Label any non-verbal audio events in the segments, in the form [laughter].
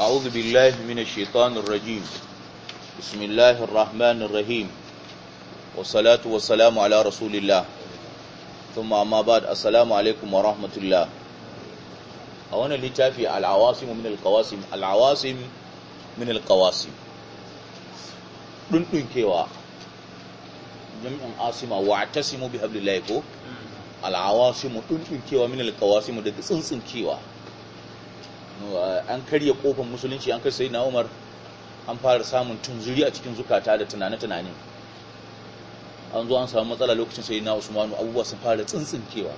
أعوذ بالله من الشيطان الرجيم بسم الله الرحمن الرحيم والصلاة والسلام على رسول الله ثم أما بعد السلام عليكم ورحمة الله أولا لتافي العواصم من القواسم العواصم من القواسم ɗunɗun kewa jami'in asima wa tasimu bi hablillahi ko al'awasimu ɗunɗun kewa min alqawasimu daga tsuntsun kewa an karya kofar musulunci an kai na Umar an fara samun tunzuri a cikin zukata da tunane-tunane an zo an samu matsala lokacin sai na Usmanu abubuwa sun fara tsintsinkewa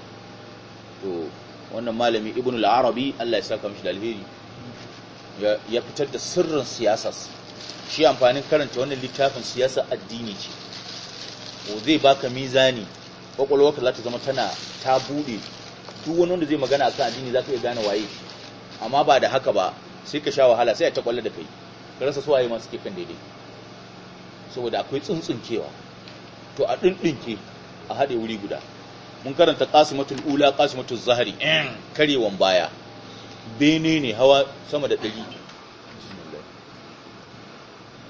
to wannan malami Ibn al-Arabi Allah ya saka mishi da ya fitar da sirrin siyasa shi amfanin karanta wannan littafin siyasa addini ce ko zai baka mizani kwakwalwarka za ta zama tana ta bude duk wani wanda zai magana akan addini za ka iya gane waye shi amma ba da haka ba sai ka sha wahala sai a ta kwallo da kai ka rasa suwaye masu kifin daidai saboda akwai tsuntsunkewa to a ɗinɗinke a haɗe wuri guda mun karanta qasimatul ula qasimatul zahari in mm. karewan baya bene ne hawa sama da ɗari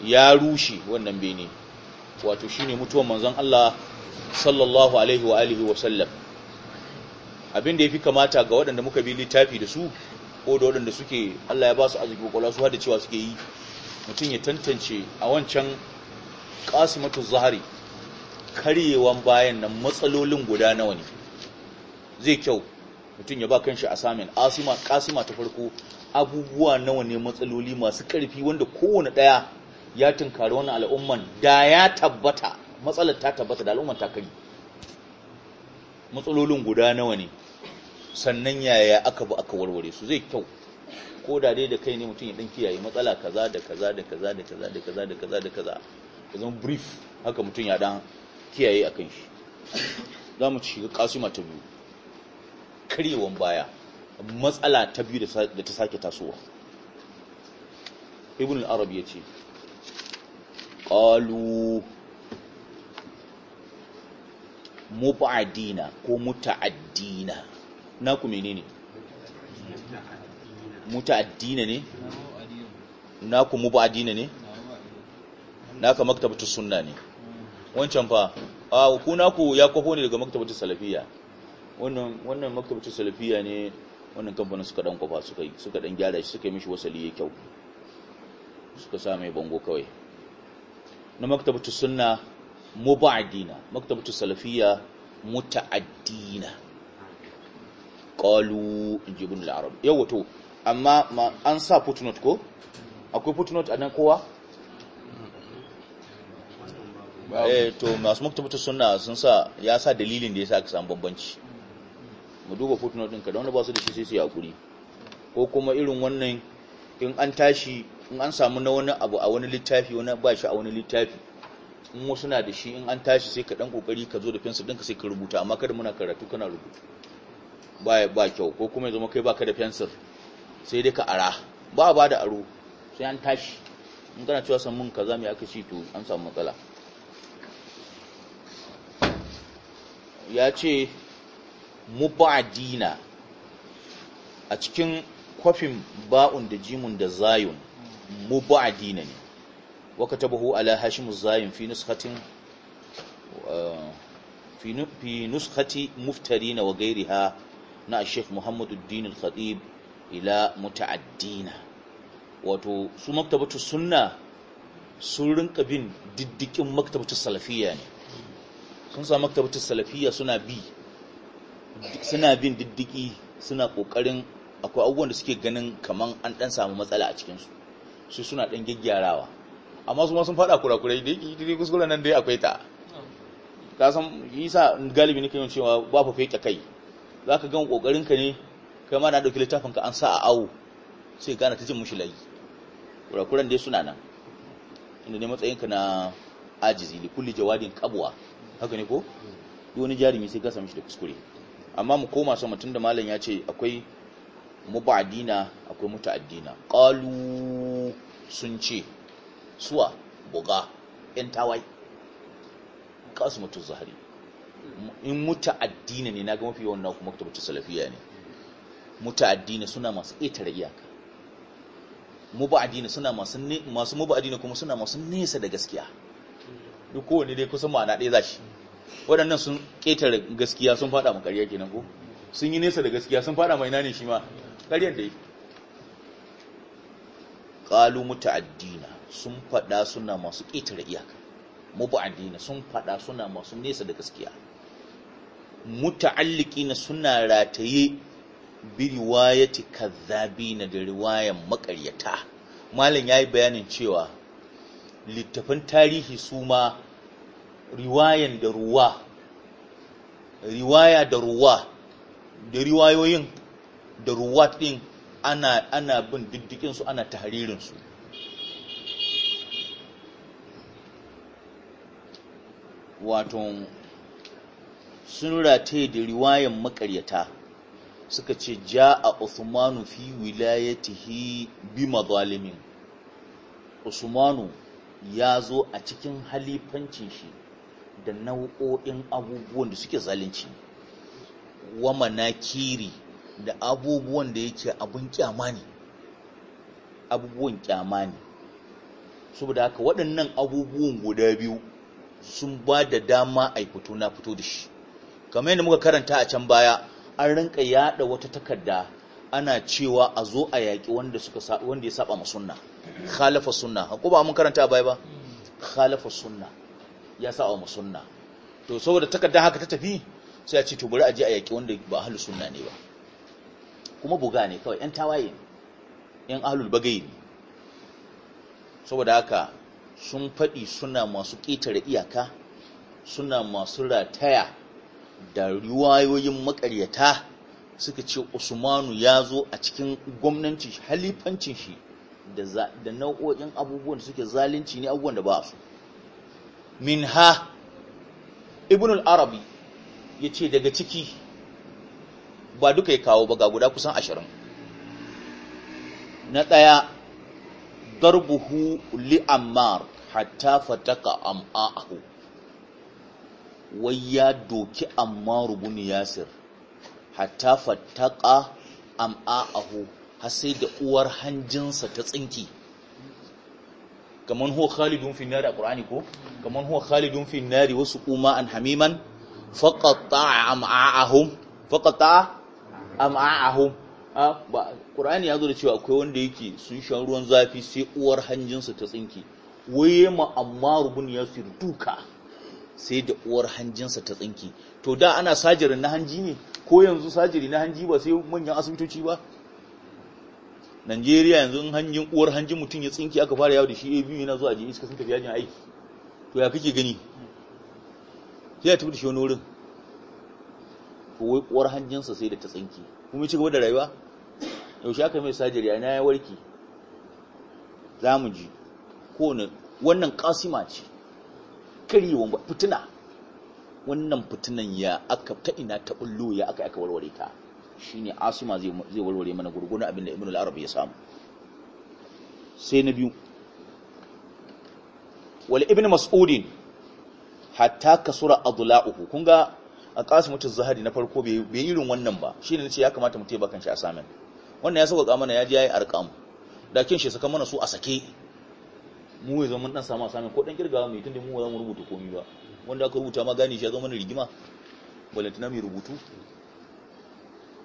ya rushe wannan bene wato shine mutuwan manzon Allah sallallahu alaihi wa alihi wa sallam abin da fi kamata ga waɗanda muka bi littafi da su ko da waɗanda suke Allah ya ba su arziki kwakwalwa su hada cewa suke yi mutum ya tantance a wancan kasimatu zahari karyewan bayan nan matsalolin guda nawa ne zai kyau mutum ya ba kanshi assignment asima kasima ta farko abubuwa nawa ne matsaloli masu karfi wanda kowane daya ya tunkari wani al'umman da ya tabbata matsalar ta tabbata da al'umman ta kai, matsalolin guda nawa ne sannan yaya aka bi aka warware su zai kyau ko da dai da kai ne mutum ya danki kiyaye matsala kaza da kaza da kaza da kaza da kaza da kaza da kaza ya zama brief haka mutum ya dan kiyaye akan shi za mu shiga kasuma ta biyu karewan baya matsala ta biyu da ta sake tasowa ibn al-arab ya ce mubadina ko muta'addina naku menene muta addina ne naku mubu addina ne naka maktabatu sunna ne wancan fa a ku naku ya kwafo ne daga maktabatu salafiya. wannan wannan maktabatu salafiya ne wannan kamfanin suka dan kwafa suka suka dan gyara shi suka yi mishi wasali ya kyau suka sa mai bango kawai na maktabatu sunna ba addina maktabatu muta addina. qalu jibun al yau wato to amma an sa footnote ko akwai footnote nan kowa eh to masu maktabatu suna sun sa ya sa dalilin da ya sa kasan bambanci mu duba footnote ɗinka da wanda ba su da shi sai su yakuri ko kuma irin wannan in an tashi in an samu na wani abu a wani littafi wani ba shi a wani littafi in wasu na da shi in an tashi sai ka ɗan ƙoƙari ka zo da fensa ɗinka sai ka rubuta amma kada muna karatu kana rubuta. ba kyau ko kuma zama kai baka da fensir sai dai ka ara ba ba da aro sai an tashi in kana cewa san mun kaza mai aka ci to an samu matsala ya ce mubadina a cikin kwafin ba'un da jimun da zayun mubadina ne waka tabahu ala hashim zayun fi nuskhatin uh, fi nuskati muftarina wa gairiha na Sheikh Muhammaduddin al-Khatib ila muta'addina wato su maktabatu sunna sun rinka bin diddikin maktabatu salafiyya ne sun sa maktabatu salafiyya suna bi suna bin diddiki suna kokarin akwai abubuwan da suke ganin kaman an dan samu matsala a cikin su su suna dan gyaggyarawa amma su ma sun fada kurakurai da yake dai kuskuren nan dai akwai ta ka san yi sa galibi nake yin cewa ba fa fake kai za ka gama ƙoƙarinka ne kai ma na ɗauki littafinka an sa a awo sai gane ta jin mushi layi kurakuran dai suna nan inda ne matsayinka na ajizi da kulli jawadin kabuwa haka ne ko duk wani jarumi sai ka same da kuskure amma mu koma sama tunda malam ya ce akwai mubadina akwai mutaaddina qalu sun ce suwa buga yan tawai kasu mutu zahari in muta'addina ne naga mafi yawan naku maktabatu salafiya ne muta'addina suna masu ƙetare iyaka muba'addina suna masu ne masu muba'addina kuma suna masu nesa da gaskiya duk kowane dai kusan ma'ana ɗaya zashi waɗannan sun ƙetare gaskiya sun faɗa ma ƙarya kenan ko sun yi nesa da gaskiya sun faɗa ma ina ne shi ma ƙaryar dai yi qalu muta'addina sun faɗa suna masu ƙetare iyaka muba'addina sun faɗa suna masu nesa da gaskiya muta'alliqina suna rataye bi riwayati na da riwayan makaryata malam yayi bayanin cewa littafin tarihi suma, ma riwayan da ruwa riwaya da ruwa da riwayoyin da ruwa din ana ana bin diddikin su ana tahririn su wato sun rataye da riwayan makaryata suka ce ja a Uthmanu fi wilayatihi bi mazalimin Usmanu ya zo a cikin halifancin shi da nau'o'in abubuwan da suke zalunci wa manakiri da abubuwan da yake abun kyama ne abubuwan kyama ne saboda haka waɗannan abubuwan guda biyu sun ba da dama a fito na fito da shi kamar yadda muka karanta a can baya an rinka yada wata takarda ana cewa a zo a yaƙi wanda suka wanda ya saba ma sunna khalafa sunna ko ba mun karanta baya ba khalafa sunna ya saba ma sunna to saboda takarda haka ta tafi sai a ce to bari a je a yaƙi wanda ba ahlus sunna ne ba kuma buga ne kawai yan tawaye yan ahlul bagai ne saboda haka sun faɗi suna masu ƙetare iyaka suna masu rataya da riwayoyin makaryata suka ce usmanu ya zo a cikin gwamnancin halifancin shi da nau'o'in abubuwan da suke zalunci ne abubuwan da ba su min ha ibn al-arabi ya ce daga ciki ba duka ya kawo ba ga guda kusan ashirin na ɗaya darbuhu li'ammar hatta fataka am'a'ahu wai ya doki amma rubun yasir hatta fattaka am'a'ahu har sai da uwar hanjinsa ta tsinki kamar huwa khalidun fi nari a ƙura'ani ko kamar huwa khalidun fi nari wasu kuma an hamiman faƙaƙa am'a'ahum faƙaƙa ba ƙura'ani ya zo da cewa akwai wanda yake sun shan ruwan zafi sai uwar hanjinsa ta tsinki waye ma amma rubun yasir duka sai da uwar hanjinsa ta tsinki to da ana sajirin na hanji ne ko yanzu sajiri na hanji ba sai manyan asibitoci ba Najeriya yanzu in hanjin uwar hanjin mutum ya tsinki aka fara yawo da shi ABU yana zuwa jini iska sun tafi yajin aiki to ya kake gani sai ya tafi da shi wani wurin to wai uwar hanjinsa sai da ta tsinki kuma ya ci gaba da rayuwa yaushe aka mai sajiri a na ya warke za mu ji kowane wannan kasima ce wa fitina wannan fitinan ya aka ta ina ta bullo ya aka aka warware ta shine asuma zai zai warware mana gurguna abin da ibn al-arabi ya samu sai na biyu wal ibn mas'udin hatta kasura adla'uhu kun ga a aqasim zahari na farko bai bai irin wannan ba shine nace ya kamata mu taiba shi a samin wannan ya sauka mana ya ji yayi arqam dakin shi saka mana su a sake mu ya zama dan samu asamin ko dan kirga mu tunda mu ba mu rubuta komai ba wanda aka rubuta ma gane shi ya zama na rigima balantana mai rubutu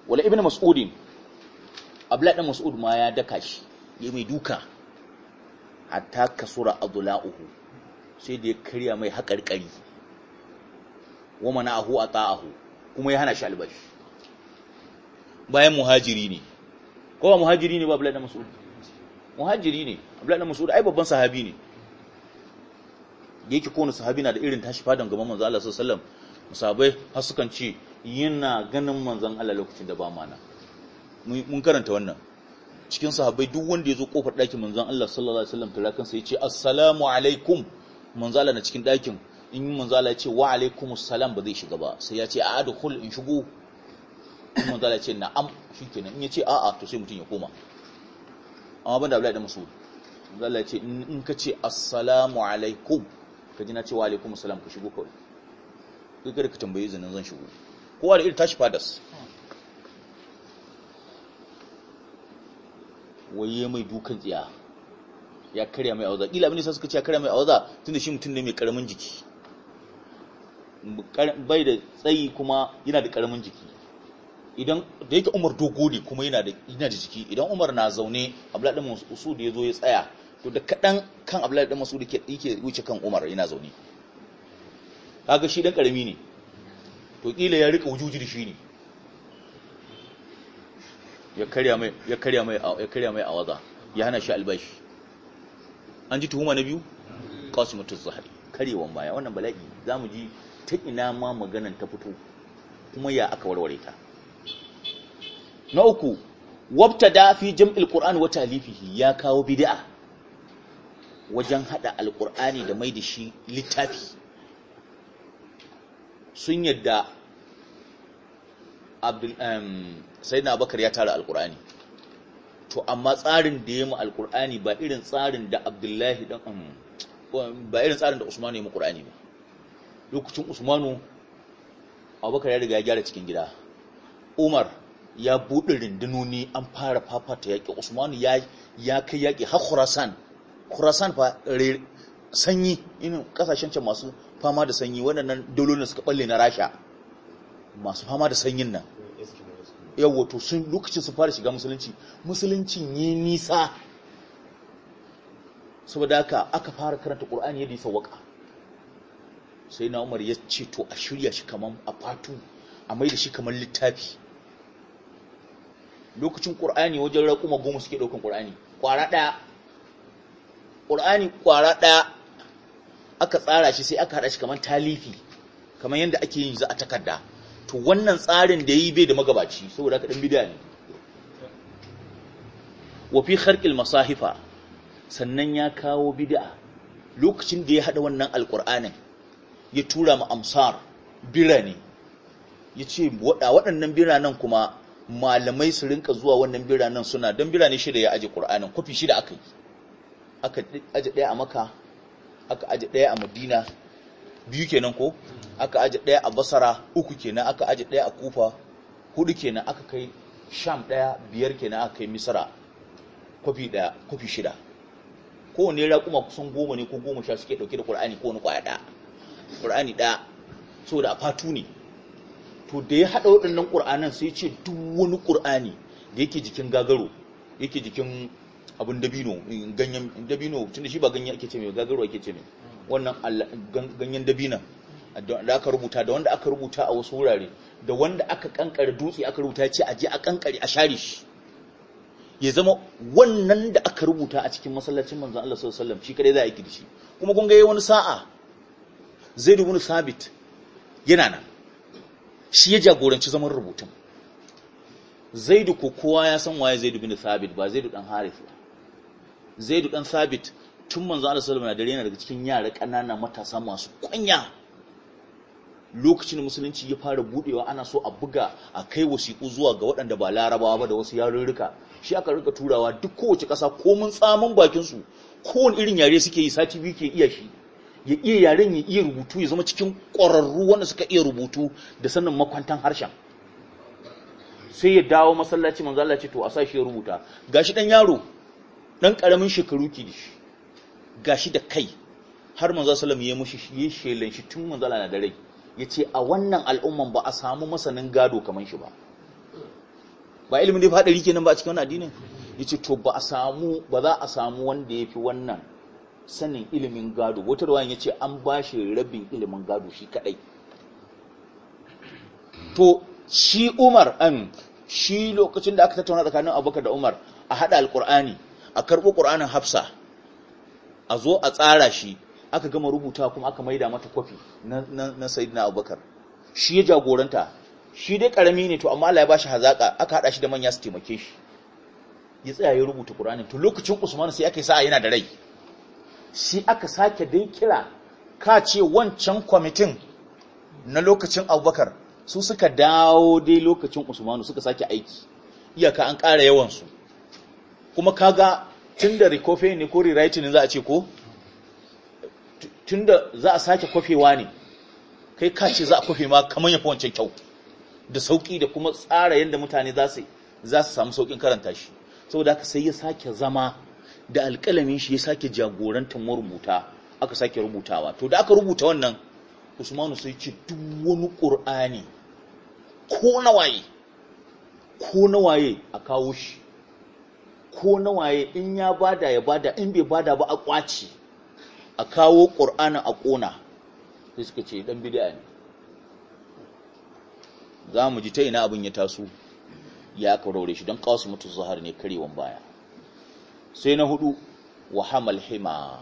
wala ibnu mas'udin abla dan mas'ud ma ya daka shi ya mai duka hatta kasura adla'uhu sai da ya karya mai haƙarƙari wa mana'ahu ata'ahu kuma ya hana shi albashi bayan muhajiri ne kowa muhajiri ne ba abla dan mas'ud muhajiri ne abdullahi mas'ud ai babban sahabi ne yake kowane sahabi na da irin tashi fadan gaban manzon Allah sallallahu alaihi wasallam sahabbai har sukan ce yana ganin manzon Allah lokacin da ba mana mun karanta wannan cikin sahabbai duk wanda ya zo kofar ɗakin manzon Allah sallallahu alaihi wasallam tura kansa ya ce assalamu alaikum manzon Allah na cikin ɗakin in manzon Allah ya ce wa alaikumus salam ba zai shiga ba sai ya ce a adkhul in shigo in manzon Allah ya ce na'am shikenan in ya ce a'a to sai mutum ya koma amma banda Abdullahi da Mas'ud Allah ya ce in ka ce assalamu alaikum ka ji na ce wa alaikum assalam ka shigo kawai kai kada ka tambaye zanin zan shigo kowa da irin tashi fadas waye mai dukan tsiya ya karya mai auza Ƙila abin da suka ce ya karya mai auza da shi mutum ne mai karamin jiki bai da tsayi kuma yana da karamin jiki idan da yake Umar dogo ne kuma yana da yana da jiki idan Umar na zaune Abdullahi dan Mas'ud ya zo ya tsaya to da kadan kan Abdullahi dan Mas'ud yake yake wuce kan Umar yana zaune kaga shi dan karami ne to kila ya rika wujuji da shi ne ya karya mai ya karya mai ya karya mai awaza ya hana shi albashi an ji tuhuma na biyu Qasim az-Zahri karewan baya wannan bala'i zamu ji ta ina ma maganan ta fito kuma ya aka warware ta na uku wabtada fi jam'il qur'an wa talifihi ya kawo bid'a wajen hada alqur'ani da mai da shi littafi sun yadda abdul um sayyidina abubakar ya tara alqur'ani to amma tsarin da ya mu alqur'ani ba irin tsarin da abdullahi dan ba irin tsarin da usmanu ya mu qur'ani ba lokacin usmanu abubakar ya riga ya gyara cikin gida umar ya buɗe rindinoni an fara fafata yaƙi usmanu ya kai yaƙi har khurasan khurasan fa sanyi irin kasashen can masu fama da sanyi waɗannan dalolin suka balle na rasha masu fama da sanyin nan yawo to sun lokacin su fara shiga musulunci musuluncin yi nisa saboda haka aka fara karanta ƙur'ani yadda ya sawaka sai na umar ya ce to a shirya shi kaman a fatu a mai da shi kamar littafi lokacin qur'ani wajen raƙuma goma suke ɗaukan ƙur'ani Ƙwara ɗaya qur'ani ƙwara ɗaya aka tsara shi sai aka haɗa shi kamar talifi kamar yadda ake yin za a takarda to wannan tsarin da ya yi bai da magabaci saboda haka ɗan bidiya ne wafi harƙil masahifa sannan ya kawo bida'a. lokacin da ya haɗa wannan Alƙur'anin ya tura ma amsar birane ya ce waɗannan biranen kuma malamai su rinka zuwa wannan biranen suna don birane shida ya aji ƙur'anin kwafi shida aka yi aka aji ɗaya a maka aka aji ɗaya a madina biyu kenan ko aka aji ɗaya a basara uku kenan aka aji ɗaya a kufa hudu kenan aka kai sham ɗaya biyar kenan aka kai misra kwafi ɗaya kwafi shida kowane raƙuma kusan goma ne ko goma sha suke ɗauke da ƙur'ani ko wani ƙwaya ɗaya ƙur'ani ɗaya saboda a fatu ne to da ya haɗa waɗannan ƙur'anan sai ce duk wani ƙur'ani da yake jikin gagaro yake jikin abin dabino ganyen dabino tunda shi ba ganyen ake ce mai gagaro ake ce mai wannan ganyen dabina da aka rubuta da wanda aka rubuta a wasu wurare da wanda aka kankare dutse aka rubuta ce a je a kankare a share shi ya zama wannan da aka rubuta a cikin masallacin manzon Allah sallallahu alaihi wasallam shi kadai za a yi shi kuma kun ga wani sa'a Zaid ni Sabit yana nan shi ya jagoranci zaman rubutun zaidu ko kowa ya san waye zaidu bin thabit ba zaidu dan harith ba zaidu dan thabit tun manzo Allah sallallahu alaihi wasallam daga cikin yara ƙanana matasa masu kunya lokacin da musulunci ya fara budewa ana so a buga a kai wasiƙu zuwa ga waɗanda ba larabawa ba da wasu yarurruka shi aka rika turawa duk kowace ƙasa ko mun tsamin bakin su kowane irin yare suke yi sati biyu ke iya shi ya iya yaren ya iya rubutu ya zama cikin ƙwararru wanda suka iya rubutu da sanin makwantan harshen sai ya dawo masallaci manzala ce to a sa shi ya rubuta shi ɗan yaro ɗan ƙaramin shekaru ki ga shi da kai har manzo sallam ya mushi ya shelan shi tun manzala na da rai ce a wannan al'umman ba a samu masanin gado kamar shi ba ba ilimin da ya ke nan ba a cikin wani addinin Ya ce to ba a samu za a samu wanda ya fi wannan sanin ilimin gado wata ruwan ya ce an ba shi rabin ilimin gado shi kadai to shi umar an shi lokacin da aka tattauna tsakanin abubakar da umar a haɗa alkur'ani a karɓo ƙur'anin hafsa a zo a tsara shi aka gama rubuta kuma aka maida mata kwafi na sayidina abubakar shi ya jagoranta shi dai karami ne to amma Allah ya ba shi hazaƙa aka haɗa shi da manya su taimake shi ya tsaya ya rubuta ƙur'anin to lokacin usman sai aka yi sa'a yana da rai shi aka sake dai kira ka ce wancan kwamitin na lokacin abubakar su suka dawo dai lokacin usmanu suka sake aiki iyaka an ƙara yawansu kuma kaga tun da rikofe ne ko rewriting za a ce ko tun da za a sake kwafewa ne kai ka ce za a kwafe ma kamar yafi wancan kyau da sauƙi da kuma tsara yadda mutane za su samu sauƙin karanta shi saboda haka sai ya sake zama da alƙalamin shi ya sake jagorantar marubuta aka sake rubutawa to da aka rubuta wannan usmanu sai ce duk wani ƙur'ani ko nawaye ko nawaye a kawo shi ko nawaye in ya bada ya bada in bai bada ba a kwaci a kawo ƙur'anin a ƙona sai suka ce dan bidiya ne za mu ji ta ina abin ya taso ya aka raure shi don kawo su mutu zahar ne karewan baya sai na hudu wa hamal hima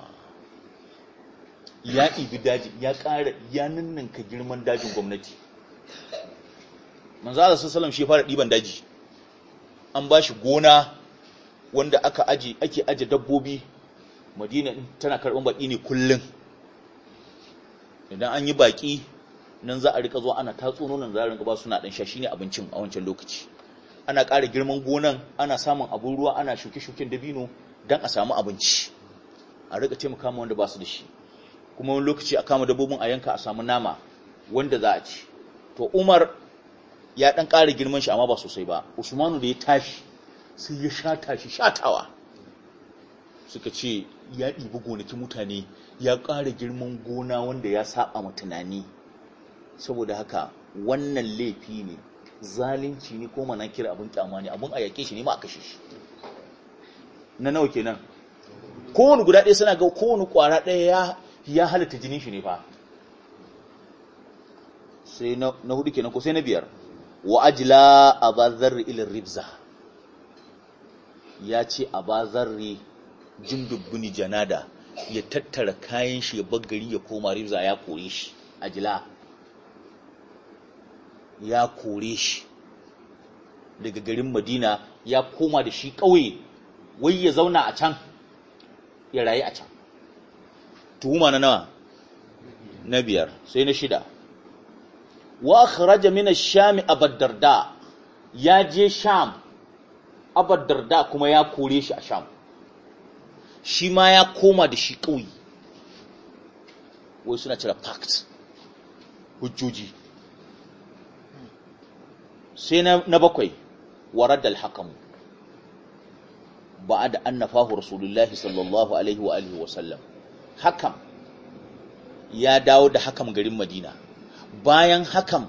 ya ibi daji ya ƙara ya ninninka girman dajin gwamnati manzo Allah salam shi fara ɗiban daji an ba shi gona wanda aka aji ake aji dabbobi Madina tana karɓar baki ne kullum. idan an yi baƙi nan za a rika zuwa ana tatso nonon za a suna ɗan shashi ne abincin a wancan lokaci ana ƙara girman gonan ana samun abin ruwa ana shuke-shuken dabino don a samu abinci a rika taimaka wanda ba su da shi kuma wani lokaci a kama dabbobin a yanka a samu nama wanda za a ci to umar ya ɗan ƙara girman shi amma ba sosai ba usmanu da ya tashi sai ya sha tashi shatawa suka ce ya ɗibi gonakin mutane ya ƙara girman gona wanda ya saba ma tunani saboda haka wannan laifi ne zalunci ne ko kira abin kyama ne abin a yake shi ne ma a kashe shi na nawa kenan kowane guda ɗaya suna ga kowane ƙwara ɗaya ya halatta jinin shi ne fa sai na hudu kenan ko sai na biyar wa ajila zarri ilin ribza ya ce jin jindubbini janada ya tattara kayan shi ya baggari ya koma ribza ya kore shi ajila ya kore shi daga garin madina ya koma da shi ƙauye wai ya zauna a can ya rayu a can tuhuma na nawa na biyar sai na shida wa kharaja min ash-sham abad ya je sham abadarda kuma ya kore shi a sham shi ma ya koma da shi ƙauye wai suna cire pact hujjoji sai na bakwai warad al-hakam ba'ad annafahu rasulullahi sallallahu alaihi wa alihi wa hakam ya dawo da hakam garin madina bayan hakam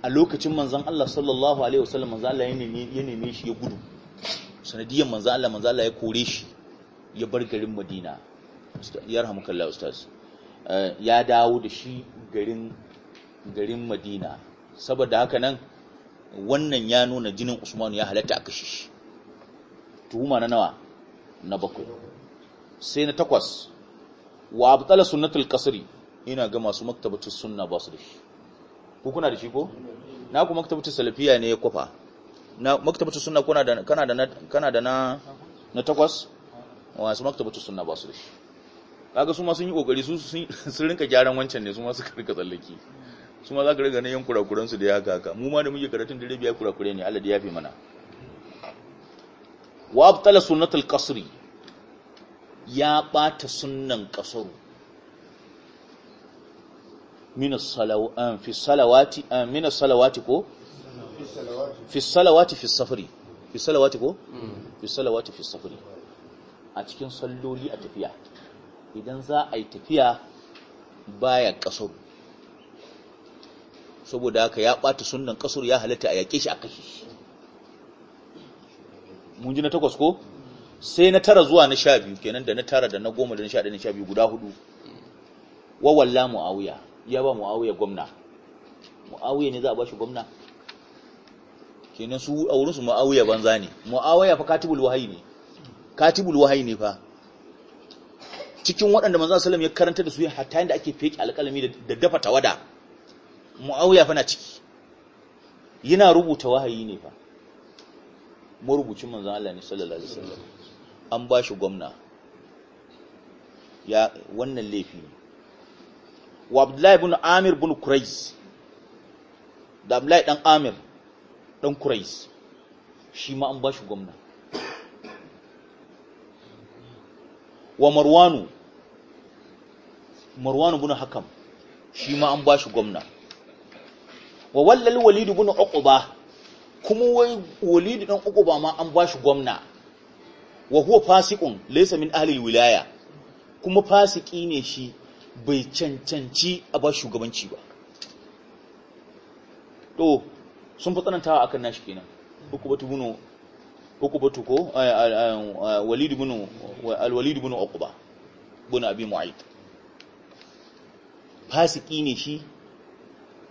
a lokacin manzan Allah sallallahu alaihi wa manzan Allah ya neme shi ya gudu sanadiyar manzan Allah manzan Allah ya kore shi ya bar garin madina kalla ustaz eh, ya dawo da shi garin garin madina saboda haka nan wannan ya nuna jinin usman ya halatta a kashe shi tuhuma na nawa na bakwai sai na takwas wa abtala sunnatul qasri ina ga masu maktabatu sunna ba su da shi ku kuna da shi ko na ku maktabatu salafiya ne ya kwafa na maktabatu sunna kuna da kana da kana da na na takwas su maktabatu sunna ba su da shi kaga su ma sun yi kokari su sun [laughs] rinka gyaran wancan ne su ma suka tsallaki su ma za ka riga yan kurakuran su da ya kaka mu ma da muke karatun dare biya kurakure ne Allah da ya fi mana wa abtala sunnatul qasri ya bata sunnan qasru min as-salawati eh, fi salawati eh, min as-salawati ko fi salawati fi safari fi salawati ko hmm. fi salawati fi safari a cikin salloli a tafiya idan za a yi tafiya baya kasaru saboda haka ya ɓata sunan ƙasar ya halatta a yaƙe shi a kashe shi mun ji na takwas ko sai na tara zuwa na sha biyu kenan da na tara da na goma da na sha ɗaya na sha biyu guda hudu wa walla mu'awiya ya ba mu'awiya gwamna mu'awiya ne za a ba shi gwamna kenan su a wurinsu mu'awiya banza ne mu'awiya fa katibul wahayi ne katibul wahayi ne fa cikin waɗanda manzan Salam ya karanta da su hatta da ake feki alƙalami da dafa tawada mu'awiya fa na ciki yana rubuta wahayi ne fa marubucin manzon Allah ne sallallahu alaihi wasallam an ba shi gwamna ya wannan laifi ne wa Abdullahi ibn Amir ibn Quraiz da Abdullahi dan Amir dan Quraiz shi ma an ba shi gwamna wa Marwanu Marwanu ibn Hakam shi ma an ba shi gwamna wa wallal walid ibn uquba kuma wai walid dan uquba ma an bashi gwamna wa huwa fasiqun laysa min ahli wilaya kuma fasiki ne shi bai cancanci a ba shugabanci ba to sun fi tsanantawa akan nashi kenan ukubatu bunu ukubatu ko walid bunu al-walid bunu uquba bunu abi mu'ayth fasiki ne shi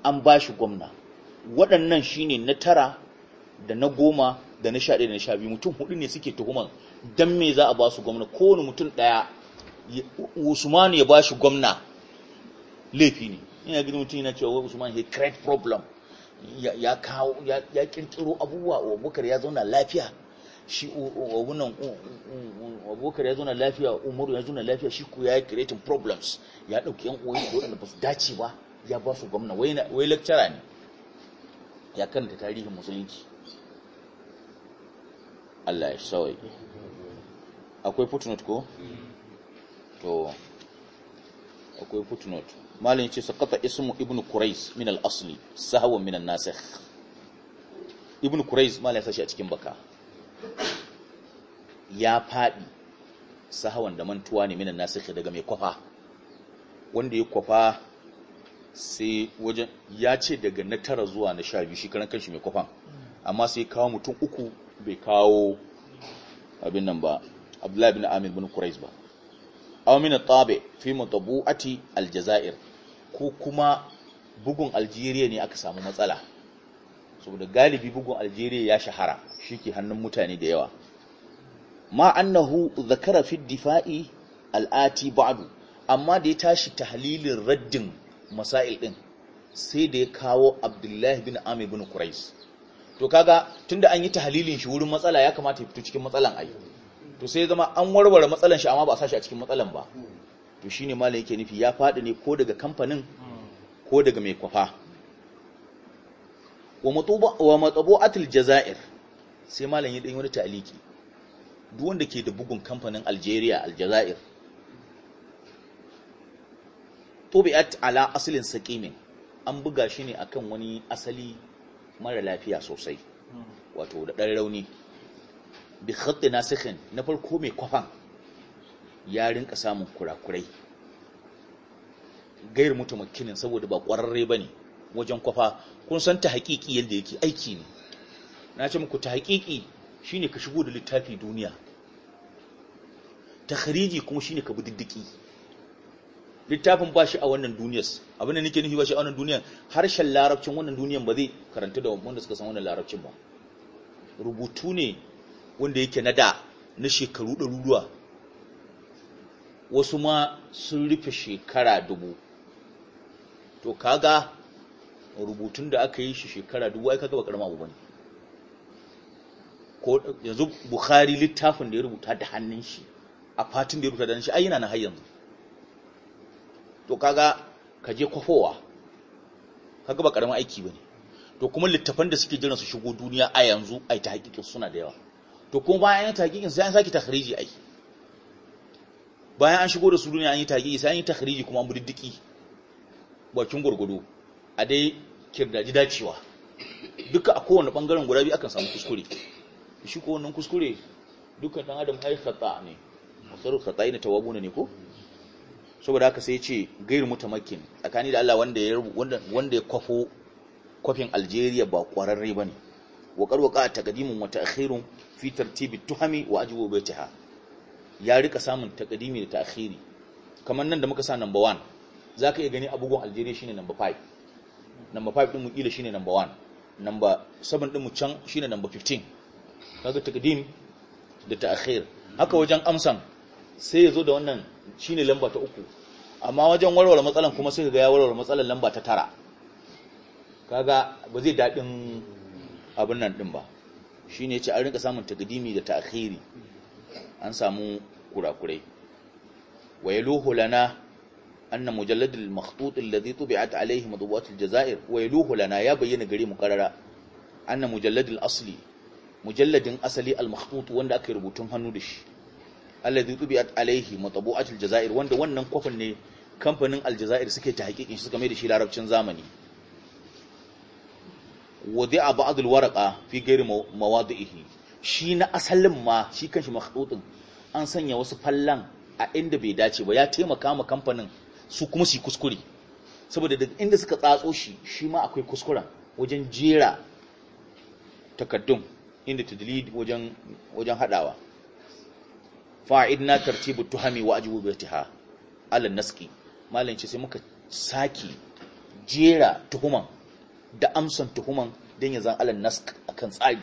an ba shi gwamna waɗannan shine na tara da na goma da na shaɗe da na sha biyu mutum hudu ne suke tuhuman don me za a ba su gwamna kowane mutum ɗaya usman ya ba shi gwamna laifi ne ina gini mutum yana cewa usman ya create problem ya kawo ya kirkiro abubuwa bukar ya zauna lafiya shi wannan abokar ya zauna lafiya umaru ya zauna lafiya shi ko ya yi creating problems ya ɗauki yan uwan da waɗanda ba su dace ba ya ba su gwamna wai lecturer ne ya karanta tarihin musulunci Allah ya shawai akwai footnote ko to akwai footnote malin ce sakata ismu ibnu kurais min al-asli sahwan min an-nasikh ibnu kurais malin ya sashi a cikin baka ya fadi sahawan da mantuwa ne min an-nasikh daga mai kwafa wanda ya kwafa sai wajen ya ce daga na tara zuwa na sha biyu shi karan kanshi mai kwafan amma sai kawo mutum uku bai kawo abin nan ba abdullahi bin amir bin kurais ba amina tabe fi mutabu'ati aljazair ko kuma bugun Aljeriya ne aka samu matsala saboda galibi bugun Aljeriya ya shahara Shi ke hannun mutane da yawa ma annahu zakara fi difa'i al'ati ba'du amma da ya tashi tahlilin raddin masail din sai da ya kawo abdullahi bin amir bin kurais to kaga tunda an yi tahlilin shi wurin matsala ya kamata ya fito cikin matsalan ai to sai zama an warware matsalan shi amma ba a sa a cikin matsalan ba to shine malam yake nufi ya faɗi ne ko daga kamfanin ko daga mai kwafa wa atal jazair sai malam ya ɗanyi wani ta'aliki duk wanda ke da bugun kamfanin algeria aljazair tubi'at ala asalin sakimin an buga shi ne akan wani asali mara lafiya sosai wato da ɗan rauni bi khatti nasikhin na farko mai kwafan ya rinka samun kurakurai gair mutumakkinin saboda ba ba bane wajen kwafa kun san ta haƙiƙi yadda yake aiki ne na ce muku ta haƙiƙi shine ka shigo da littafi duniya takhriji kuma shine ka bi diddiki littafin ba shi a wannan duniyar abin da nake nufi ba shi a wannan duniyar harshen larabcin wannan duniyar ba zai karanta da wanda suka san wannan larabcin ba rubutu ne wanda yake na da na shekaru ɗaruruwa wasu ma sun rufe shekara dubu to kaga rubutun da aka yi shi shekara dubu ai kaga ba karama abu bane ko yanzu bukhari littafin da ya rubuta da hannun shi a fatin da ya rubuta da hannun shi ai yana na har yanzu to kaga ka je kwafowa kaga ba karamin aiki bane to kuma littafan da suke jiran su shigo duniya a yanzu ai ta hakiki suna da yawa to kuma bayan ta hakikin sai an saki takhriji ai bayan an shigo da su duniya an yi takiki sai an yi takhriji kuma an buddiki bakin gurgudu a dai kirdaji dacewa duka a kowane bangaren guda biyu akan samu kuskure shi ko wannan kuskure dukkan dan adam hay khata ne musaru khata ne tawabuna ne ko saboda haka sai ce gairu mutamakin tsakani da Allah wanda ya wanda ya kwafo kwafin Algeria ba kwararre bane wa a taqdimun wa ta'khirun fi tartibi tuhami wa ajwabatiha ya rika samun taqdimi da ta'khiri kamar nan da muka sa number 1 zaka iya gani abugon Algeria shine number 5 number 5 din mu kila shine number 1 number 7 din mu can shine number 15 kaga taqdim da ta'khir haka wajen amsan sai ya zo da wannan shine lamba ta uku amma wajen warware matsalan kuma sai ga ya warware matsalan lamba ta tara kaga ba zai dadin abin nan din ba shine yace an rinka samun takdimi da ta'khiri an samu kurakurai wayaluhu lana anna mujallad al-makhtut alladhi tubi'at alayhi madbubat jazair wayaluhu lana ya bayyana gare mu karara anna mujallad al-asli mujalladin asali al-makhtut wanda ake rubutun hannu da shi alladhi tubiat alaihi matbu'at aljazair wanda wannan kofin ne kamfanin aljazair suke ta hakikin suka mai da shi larabcin zamani wadi'a ba'd alwaraqa fi ghairi mawadi'ihi shi na asalin ma shi kanshi makhdudin an sanya wasu fallan a inda bai dace ba ya taimaka ma kamfanin su kuma su kuskure saboda daga inda suka tsatso shi shi ma akwai kuskuren wajen jera takaddun inda tadlid wajen wajen hadawa fa'idna tartibu tuhami wa ajwubatiha ala naski mallan ce sai muka saki jera tuhuman da amsan tuhuman dan ya zan ala nask akan tsari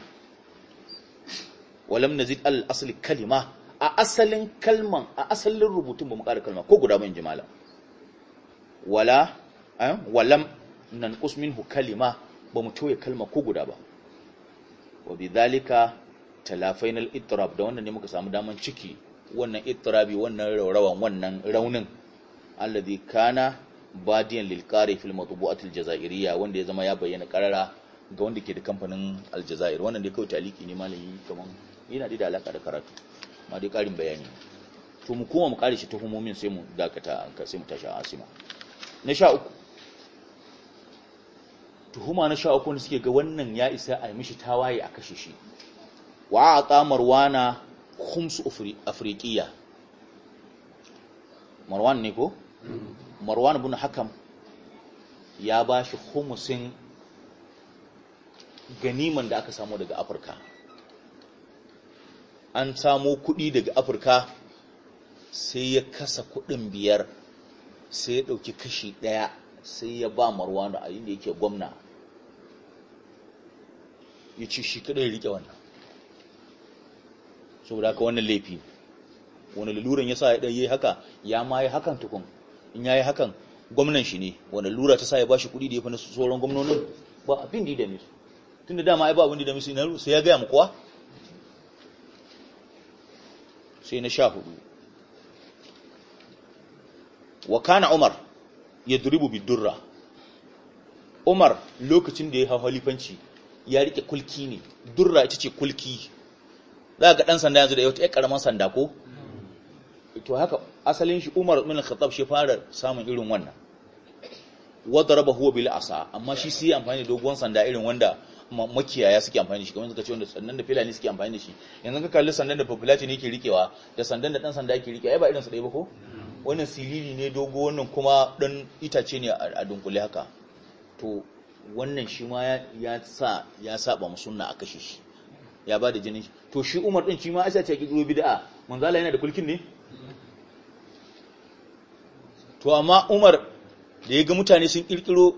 walam nazid al asli kalima a asalin kalman a asalin rubutun ba mu ƙara kalma ko guda ban jimala wala eh, walam nan minhu kalima ba mu toye kalma ko guda ba wa bi dhalika talafainal itirab da wannan ne muka samu daman ciki wannan ittirabi wannan rawan wannan raunin alladhi kana badiyan lilqari fil matbu'at aljazairiyya wanda ya zama ya bayyana karara ga wanda ke da kamfanin aljazair wannan dai kawai taliki ne malami kaman yana da alaka da karatu ma dai karin bayani to mu koma mu kare shi tuhumomin sai mu dakata an ka sai mu tashi asima na sha uku tuhuma na sha uku ne suke ga wannan ya isa a mishi tawaye a kashe shi wa ata marwana khums afriqiya marwan ne ko marwan ibn hakam ya ba shi khumsin ganiman da aka samu daga afirka an samu kuɗi daga afirka sai ya kasa kuɗin biyar sai ya ɗauki kashi ɗaya sai ya ba marwan a da yake gwamna ya ce shi kaɗai riƙe wannan saboda haka wannan laifi wani ya sa ya dan haka ya ma yi hakan tukun in ya yi hakan gwamnan shi ne wani lura ta sa ya bashi kuɗi da ya fi na sauran gwamnonin ba abin da dame su tun da dama ai ba abin da dame su sai ya gaya mu kuwa sai na sha hudu wa kana umar ya duribu bidurra umar lokacin da ya hau halifanci ya rike kulki ne durra ita ce kulki za ga ɗan sanda yanzu da wata ƙaramin sanda ko to haka asalin shi Umar min al-Khattab shi fara samun irin wannan wadda raba huwa bil asa amma shi sai amfani da doguwan sanda irin wanda makiyaya suke amfani da shi kamar suka ce wanda sandan da filani suke amfani da shi yanzu ka kalli sandan da populati ne ke rikewa da sandan da dan sanda yake rikewa ai ba irin su dai ba ko wannan silili ne dogo wannan kuma dan itace ne a dunkule haka to wannan shi ma ya sa ya saba mu sunna a kashe shi ya ba da jinin shi to shi umar din shi ma aisha ce ki kiro bid'a manzo Allah yana da kulkin ne to amma umar da ya ga mutane sun kirkiro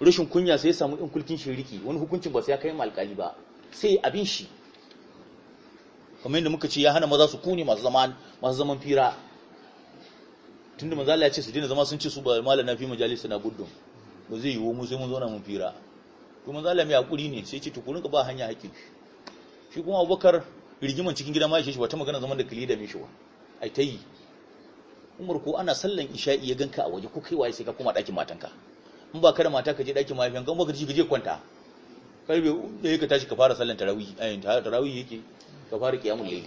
rashin kunya sai ya samu in kulkin shiriki wani hukuncin ba sai ya kai mu alƙali ba sai abin shi kamar yadda muka ce ya hana maza su kuni masu zaman masu zaman fira tunda manzo Allah ya ce su dina zama sun ce su ba malana fi majalisa na guddun ba zai yiwu mu sai mun zo na mun fira to manzo Allah mai hakuri ne sai ce to ku ba hanya hakki shi kuma abubakar rigiman cikin gida ma ya shi wata magana zaman da kili da mishi wa ta yi umar ko ana sallan isha'i ya ganka a waje ko kai waye sai ka koma ɗakin matanka in ba kada mata ka je ɗakin mahaifiyanka in ba ka ji ka je kwanta karbe da ya ka tashi ka fara sallan tarawih ayin eh, tarawih yake ka fara qiyamul layl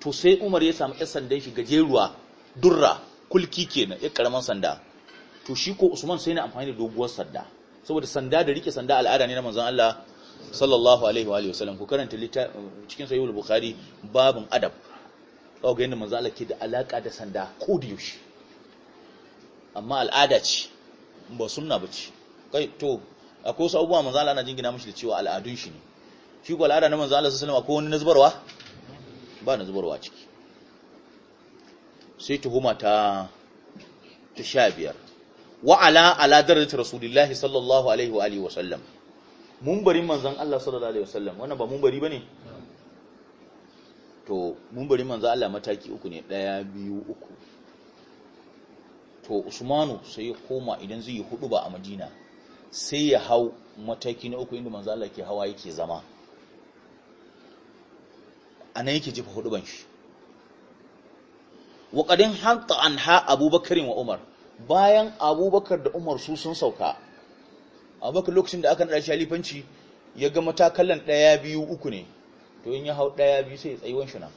to sai Umar ya samu ƴan sandan shi gajeruwa durra kulki kenan ya karaman sanda to shi ko Usman sai na amfani da doguwar sanda saboda sanda da rike sanda al'ada ne na manzon Allah sallallahu alaihi wa sallam ku karanta cikin sahihul bukhari babun adab kawo ga yadda manzo Allah ke da alaka da sanda ko da yaushe amma al'ada ce ba sunna ba ce kai to akwai wasu abubuwa manzo Allah na jingina mishi da cewa al'adun shi ne shi ko al'ada na manzo Allah sallallahu alaihi sallam akwai wani nazbarwa ba nazbarwa ciki sai tuhuma ta ta biyar. wa ala ala darajati rasulullahi sallallahu alaihi wa alihi wa sallam mumbarin manzan Allah sallallahu alaihi wasallam wannan ba mumbari ba ne? to mumbarin manzan Allah mataki uku ne daya biyu uku to Usmanu sai ya koma idan zai yi hudu ba a Madina sai ya hau mataki na uku inda manzan Allah ke hawa yake zama A nan yake jefa hudu ban shi wa hanta an ha abubakarin wa Umar bayan Abubakar da Umar su sun sauka baka lokacin da aka naɗa shalifanci ya ga matakalan ɗaya biyu uku ne to in ya hau ɗaya biyu sai ya tsayuwan shi nan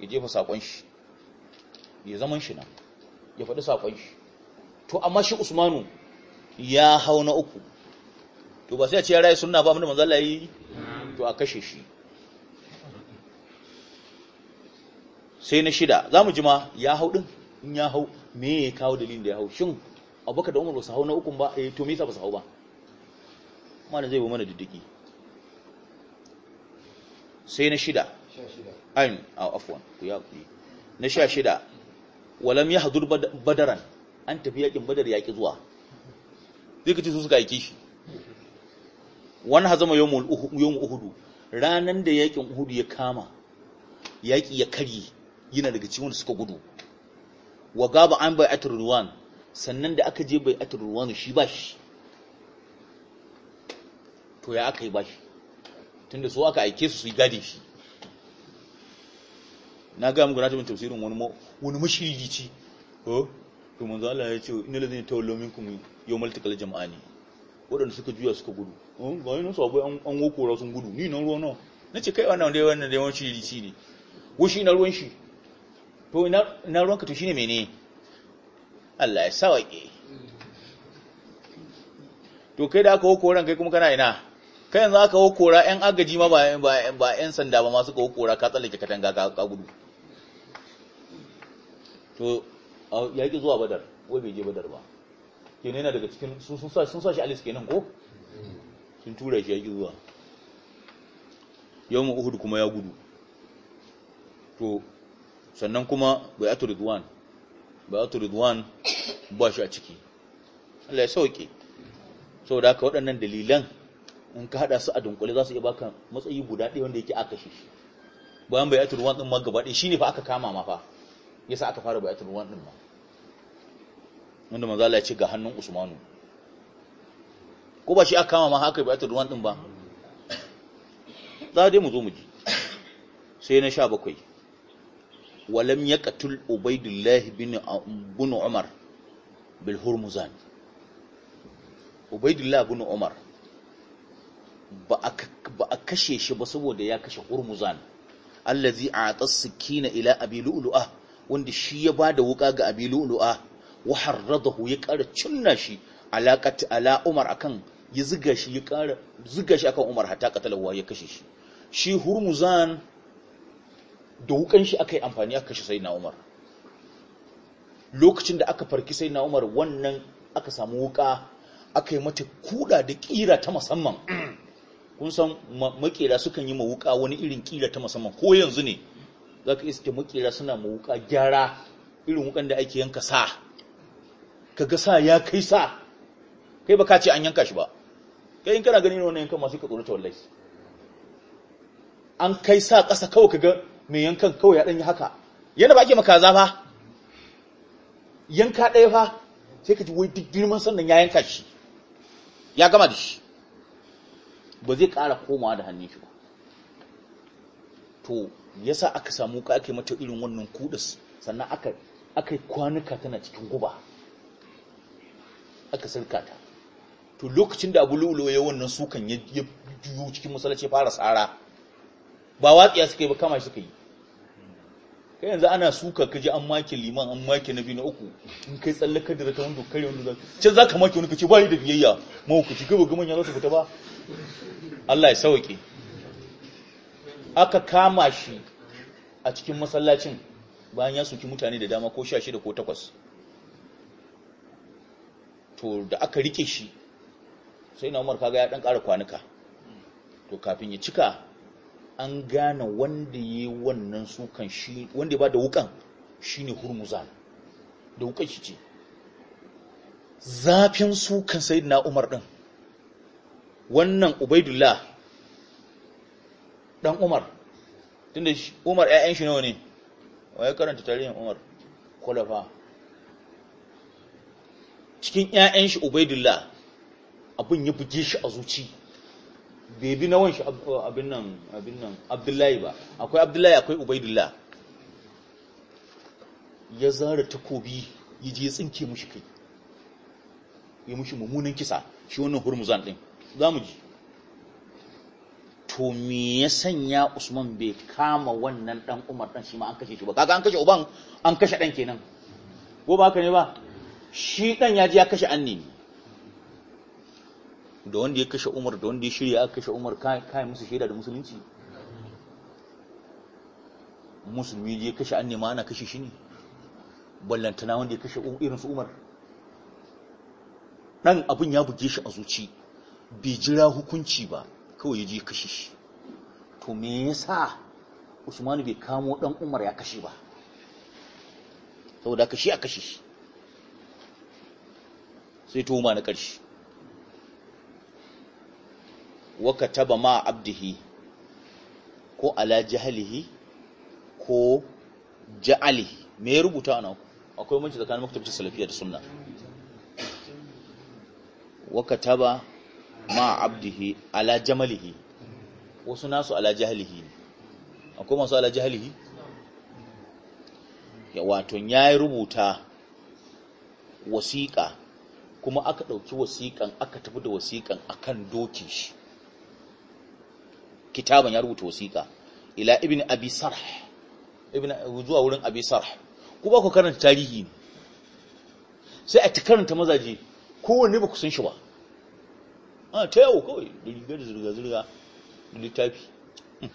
ya jefa saƙon shi ya zaman shi nan ya faɗi saƙon shi to amma shi usmanu ya hau na uku to ba sai a ce ya raye suna ba abinda manzala yi to a kashe shi sai na shida za mu jima ya hau ɗin in ya hau me ya kawo dalilin da ya hau shin abubakar da umar ba su hau na ukun ba eh to me yasa ba su hau ba mana zai bi mana diddiki sai na shida ayin a afuwan ku ya kuyi na sha shida walam ya hadur badaran an tafi yakin badar ki zuwa zai kace su suka aike shi wani hazama yawon uhudu ranar da yakin uhudu ya kama yaki ya kari yana daga cikin wanda suka gudu wa gaba an bai atar ruwan sannan da aka je bai atar ruwanu shi ba shi to ya aka yi ba shi da so aka aike su su yi gadi shi na ga mu gudantar tafsirin wani wani mashiriji ce ko to manzo Allah ya ce inna lazina tawallu minkum yawmal taqal jama'ani waɗanda suka juya suka gudu oh, ga yana su an an gokora sun gudu ni nan ruwa nan na ce kai wannan dai wannan dai wani shiriji ne wushi na ruwan shi to na ruwanka to shine menene Allah ya sawaƙe to kai da aka hukura kai kuma kana ina kai yanzu aka hukura ƴan agaji ma ba ba ƴan sanda ba masu hukura hokora ka tsallake katanga ka ka gudu to ya ki zuwa badar wai bai je badar ba ne yana daga cikin sun sun sa sun sa shi alis kenan ko sun tura shi ya ki zuwa yawon uhud kuma ya gudu to sannan kuma bai atu ridwan bayatu ridwan ba shi a ciki Allah ya sauke da aka waɗannan dalilan in ka haɗa su a dunkule za su iya baka matsayi guda ɗaya wanda yake aka shi bayan bayatu ruwan ɗin ma gaba ɗaya shine fa aka kama ma fa yasa aka fara bayatu ruwan ɗin ma wanda manzo Allah ya ce ga hannun Usmanu ko ba shi aka kama ma haka bayatu ruwan ɗin ba za dai mu zo mu ji sai na 17 walam ya katul bin bin umar bil hurmuzan ubaidullah bin umar ba a kashe shi ba saboda ya kashe hurmuzan allazi a'ta sikina ila abi lu'lu'a wanda shi ya ba da wuka ga abi lu'lu'a wa harradahu ya kara cinna shi alaqat ala umar akan ya ziga shi ya kara ziga shi akan umar hatta katalawa ya kashe shi shi hurmuzan da wukan shi aka yi amfani aka kashe sayyidina Umar lokacin da aka farki sayyidina Umar wannan aka samu wuka aka yi mata kuda da kira ta musamman [clears throat] kun san makera sukan yi mawuka wani irin kira ta musamman ko yanzu ne zaka iske makera suna mawuka gyara irin wukan da ake yanka sa kaga sa ya kai sa kai ba ce an yanka shi ba kai in kana ganin wannan yankan masu ka tsoro ta wallahi an kai sa ƙasa kawai kaga mai yankan kawai ya ɗanyi haka yadda ba ake makaza fa yanka ɗaya fa sai ka ji wai duk girman sannan ya yanka shi ya gama da shi ba zai ƙara komawa da hannun shi ba to ya sa aka samu ka ake mata irin wannan kudus sannan aka yi kwanuka tana cikin guba aka sarka ta to lokacin da abu lu'ulu ya wannan sukan ya biyu cikin ya fara tsara ba watsiya suka yi ba kama suka yi kai yanzu ana suka kaji an maki liman an maki nabi na uku in kai tsallakar da ta wanda kare wanda ce za ka maki wani kace ba da biyayya ci gaba gaman ya za su fita ba Allah ya sauke aka kama shi a cikin masallacin bayan ya suki mutane da dama ko 16 shida ko takwas to da aka rike shi sai na umar kaga ya dan kara kwanuka to kafin ya cika an gane wanda ya yi wannan sukan shi wanda ya ba da wukan ne hurmuzan da wukan shi ce zafin sukan na umar ɗin wannan ubaidullah dan umar tunda umar 'ya'yan shi nawa ne ya karanta tarihin umar Kwalafa cikin yayan shi ubaidullah abin ya buge shi a zuci. bai bi na wanshi abin nan abin nan abdullahi ba akwai abdullahi akwai ubaidullah ya zara takobi ya je tsinke mushi kai ya mushi mummunan kisa shi wannan hurmuzan din za mu ji to me ya sanya usman bai kama wannan dan umar dan shi ma an kashe shi ba kaga an kashe uban an kashe dan kenan ko ba haka ne ba shi dan ya ji ya kashe annini da wanda ya kashe umar da wanda ya shirya aka kashe umar kayan musu shaida da musulunci musulmi da ya kashe an nema ana kashe shi ne ballantana wanda ya kashe irin su umar Ɗan abin ya buge shi a zuci bai jira hukunci ba kawai ya je kashe shi to me yasa usmanu bai kamo ɗan umar ya kashe ba da kashe a kashe shi sai tuhuma na ƙarshe wa kataba ma abdihi ko ala jahalihi ko ja'ali me ya rubuta ana akwai manci tsakanin maktabci salafiya da sunna wa kataba ma abdihi ala jamalihi wasu nasu ala jahalihi akwai masu ala jahalihi wato ya rubuta wasiƙa kuma aka ɗauki wasiƙan aka tafi da wasiƙan akan dokin shi kitaban ya rubuta wasiƙa ila ibn abi sarh ibn zuwa wurin abi sarh ku ba ku karanta tarihi ne sai a tikaranta karanta mazaje kowanne ba ku san shi ba a ta yau kawai da da zirga-zirga da littafi hmm.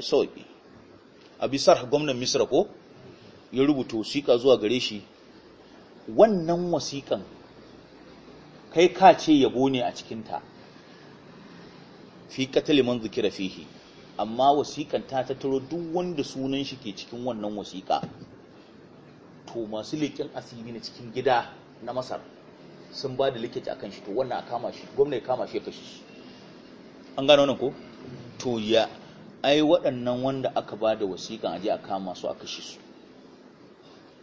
sauƙi abi sarh gwamnan misra ko ya rubuta wasiƙa zuwa gare shi wannan wasiƙan kai ka ce yabo ne a cikinta fi katali man zikira fihi amma wasiƙan ta tattaro duk wanda sunan shi ke cikin wannan wasiƙa to masu leƙen asiri na cikin gida na Masar sun ba da likita a kan shi to wannan a kama shi gwamna ya kama shi ya kashe shi an gano nan ko to ya ai waɗannan wanda aka ba da wasiƙan aje a kama su a kashe su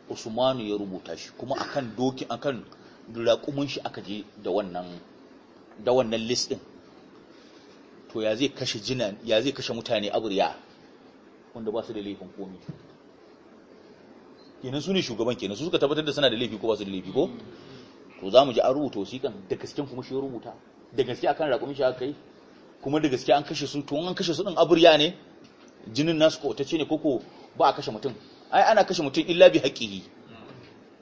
Usmanu ya rubuta shi kuma akan doki akan raƙumin shi aka je da wannan da wannan list din to ya zai kashe jinan ya zai kashe mutane aburya wanda ba su da laifin komi kenan su ne shugaban kenan su suka tabbatar da suna da laifi ko ba su da laifi ko to za mu ji an rubuta wasiƙan da gasken kuma shi rubuta da gaske akan raƙumin shi aka yi kuma da gaske an kashe su to an kashe su din aburya ne jinin nasu ko ce ne koko ba a kashe mutum ai ana kashe mutum illa bi haqqihi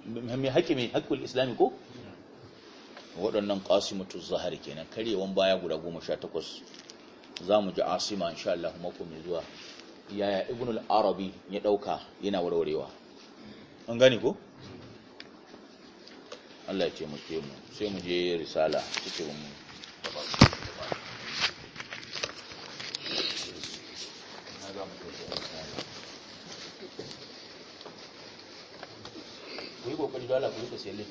mai haƙƙi mai haƙƙul islami ko waɗannan ƙasimatu zahari kenan karyewan baya guda goma sha takwas. za mu ji asima insha Allah mako mai zuwa yaya ibn al-arabi ya dauka yana warwarewa an gani ko Allah ya ce mu ke mu sai mu je risala cikin mu ku kokari